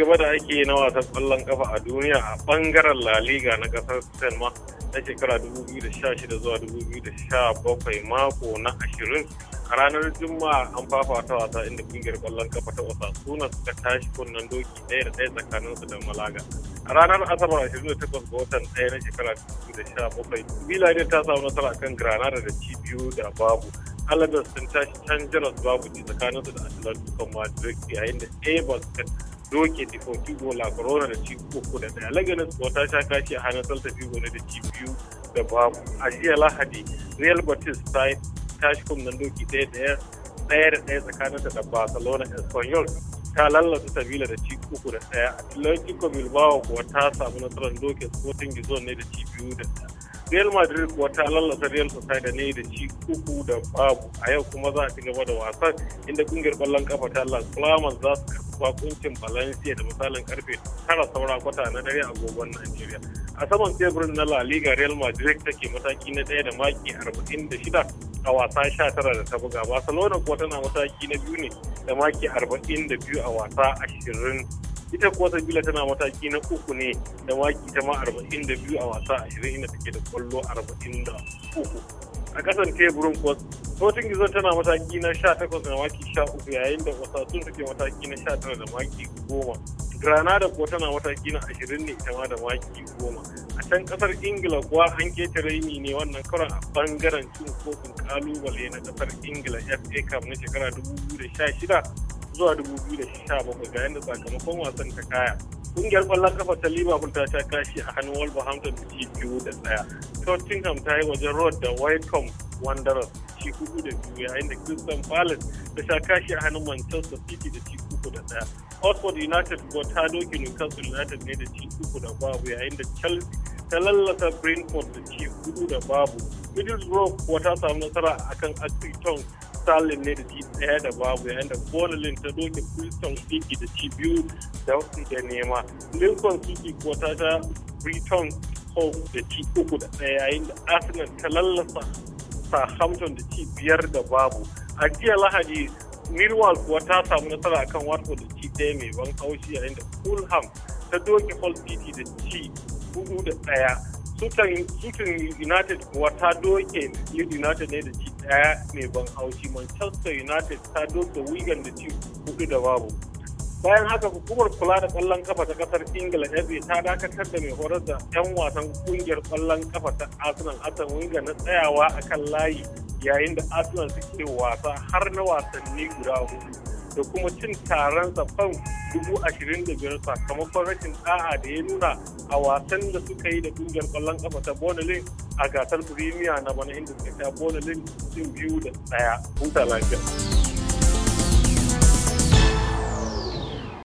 gaba da ake na wasan ƙwallon kafa a duniya a ɓangaren La Liga na ƙasar Spain ma na shekara 2016 zuwa 2017 mako na 20 a ranar Juma'a an fafata wasa inda kungiyar ƙwallon kafa ta wasa suna suka tashi kunnen doki ɗaya da ɗaya su da Malaga. A ranar Asabar 28 ga watan ɗaya na shekara 2017 ne ta samu nasara kan Granada da cibiyu da babu. Alaves sun tashi can babu tsakanin su da Atletico Madrid yayin da Ebers doke da la corona da ci uku da daya laganin wata sha kashi a hannun salta figo ne da ci biyu da babu a jiya lahadi real batist ta tashi kuma doki daya daya ɗaya da ɗaya tsakanin da barcelona espanyol ta lallata sabila da ci uku da ɗaya atlantico bilbao kuwa ta samu nasarar doke sporting gizon ne da ci biyu da real madrid kuwa ta lallata real Sociedad ne da ci uku da babu a yau kuma za a ci gaba da wasan inda kungiyar kwallon kafa ta las flamas za su bakuncin Valencia da misalin karfe tara saura kwata na dare agogon Najeriya. A saman teburin na La Real Madrid take mataki na ɗaya da maki arba'in da shida a wasa sha tara da ta buga. Barcelona kuwa tana mataki na biyu ne da maki arba'in da biyu a wasa ashirin ita kuwa sabila tana mataki na uku ne da waki ta ma 42 a wasa a shirin inda take da kwallo 43 a kasan teburin kuwa Sporting Gizon tana mataki na 18 da waki 13 yayin da wasa sun suke mataki na 19 da waki 10. Granada kuwa tana mataki na 20 ne ita ma da waki 10. A can kasar Ingila kuwa an keta raini ne wannan karon a bangaren cin kofin kalubale na kasar Ingila FA Cup na shekara 2016 zuwa 2017 ga yadda sakamakon wasan ta kaya kungiyar kwallon kafa ta liverpool ta sha kashi a hannun wolverhampton da ci biyu da daya tottenham ta yi wajen road da wycombe wanderers ci hudu da biyu yayin da crystal palace ta sha kashi a hannun manchester city da ci uku da daya oxford united ko ta doke newcastle united ne da ci uku da babu yayin da chelsea ta lallasa brentford da ci hudu da babu middlesbrough kuwa ta samu nasara akan accrington starlin ne da ci ɗaya da babu yayin da bonalin ta doke Preston City da ci biyu da wasu da nema Lincoln City ko ta ta Brighton Hope da ci uku da ɗaya yayin da Arsenal ta lallasa Southampton da ci biyar da babu a jiya Lahadi Millwall kuwa ta samu nasara akan Watford da ci ɗaya mai ban kaushi yayin da Fulham ta doke Hull City da ci hudu da ɗaya Hiton United kuwa ta doke United ne da ci daya mai ban haushi Manchester United ta doke Wigan da ci hudu da babu. Bayan haka hukumar kula da kwallon kafa ta kasar Ingila FA ta dakatar da mai horar da 'yan wasan kungiyar kwallon kafa ta Arsenal Asan Winga na tsayawa akan layi yayin da Arsenal suke wasa har na wasanni guda hudu. da kuma cin taronsa fan dubu ashirin da biyar sakamakon rashin da'a da ya nuna a wasan da suka yi da kungiyar kwallon kafa ta bonalin a gasar premier na bana inda suka sha bonalin cin biyu da tsaya hutu lafiya.